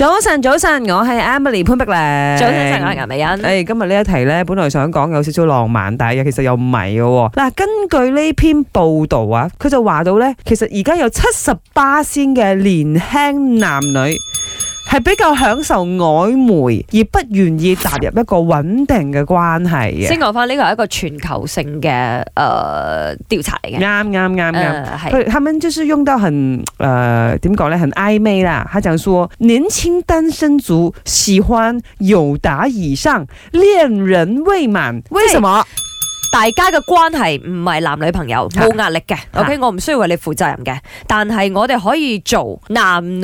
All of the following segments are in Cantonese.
早晨，早晨，我係 Emily 潘碧玲。早晨，早晨，我係顏美欣。哎，今日呢一題呢，本來想講有少少浪漫，但係其實又唔係嘅。根據呢篇報道啊，佢就話到呢：其實而家有七十八巴仙嘅年輕男女。係比較享受曖昧，而不願意踏入一個穩定嘅關係嘅。先講翻呢個係一個全球性嘅誒調查嚟嘅。啱啱啱啱，係、嗯，佢、嗯嗯呃，他們就是用到很誒，點講咧？很曖昧啦。佢想說，年輕單身族喜歡友達以上戀人未滿，為什麼？大家嘅關係唔係男女朋友，冇壓力嘅。OK，我唔需要為你負責任嘅，但係我哋可以做男女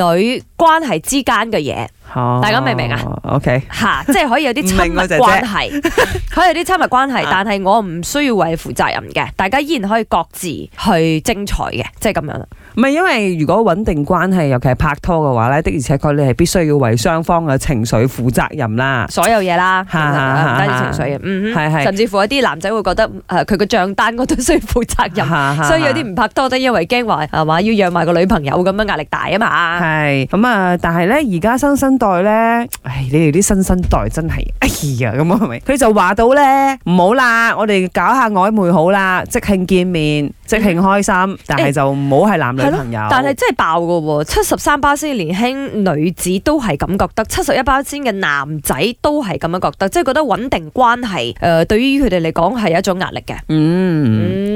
關係之間嘅嘢。大家明唔明啊？OK，吓，即係、就是、可以有啲親密關係，姐姐 可以有啲親密關係， 但係我唔需要為負責任嘅、啊，大家依然可以各自去精彩嘅，即係咁樣。唔係因為如果穩定關係，尤其係拍拖嘅話咧，的而且確你係必須要為雙方嘅情緒負責任啦，所有嘢啦，唔單止、啊啊、情緒、啊，嗯是、啊，甚至乎一啲男仔會覺得佢個賬單我都需要負責任、啊，所以有啲唔拍拖都、啊、因為驚話係嘛，要養埋個女朋友咁樣壓力大啊嘛。係，咁啊，嗯呃、但係咧而家新新。代咧，唉，你哋啲新生代真係，哎呀咁我係咪？佢就話到咧，唔好啦，我哋搞下曖昧好啦，即興見面，即興開心，但係就唔好係男女朋友。但係真係爆噶，七十三巴先年輕女子都係咁覺得，七十一巴先嘅男仔都係咁樣覺得，即係覺得穩定關係，誒，對於佢哋嚟講係一種壓力嘅。嗯。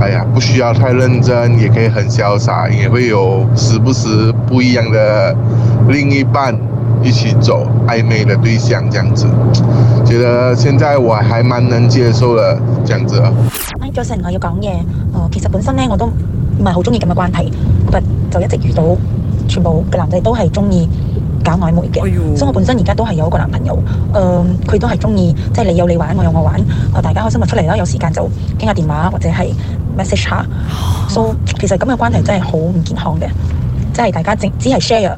哎呀，不需要太認真，也可以很瀟灑，也會有時不時不一樣的另一半一起走曖昧的對象，這樣子，覺得現在我還蠻能接受了。這樣子，阿 Joan，我要講嘢。哦、呃，其實本身咧我都唔係好中意咁嘅關係，但就一直遇到全部嘅男仔都係中意搞曖昧嘅、哎，所以我本身而家都係有一個男朋友。嗯、呃、佢都係中意，即、就、係、是、你有你玩，我有我玩，大家開心咪出嚟啦，有時間就傾下電話或者係。message 嚇 ，so 其實咁嘅關係真係好唔健康嘅，即係大家只只係 share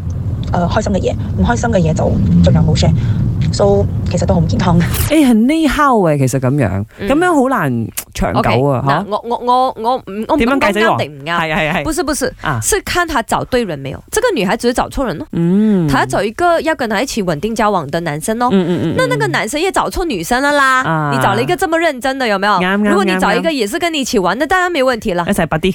誒開心嘅嘢，唔開心嘅嘢就盡量冇 share，so 其實都好唔健康嘅。誒，很內耗嘅，其實咁樣咁、mm. 樣好難。長久啊，嗱、okay，我我我我唔，我唔係講啱啱定唔啱，係啊係啊係，不是，是是是，不是不是，啊、是看他找對人沒有，這個女孩子找錯人咯，嗯，他找一個要跟他一起穩定交往的男生咯，嗯嗯嗯，那那個男生也找錯女生了啦，啊、你找了一個這麼認真的，有沒有？嗯嗯嗯，如果你找一個也是跟你一起玩，那當然沒問題啦。一齊八 D。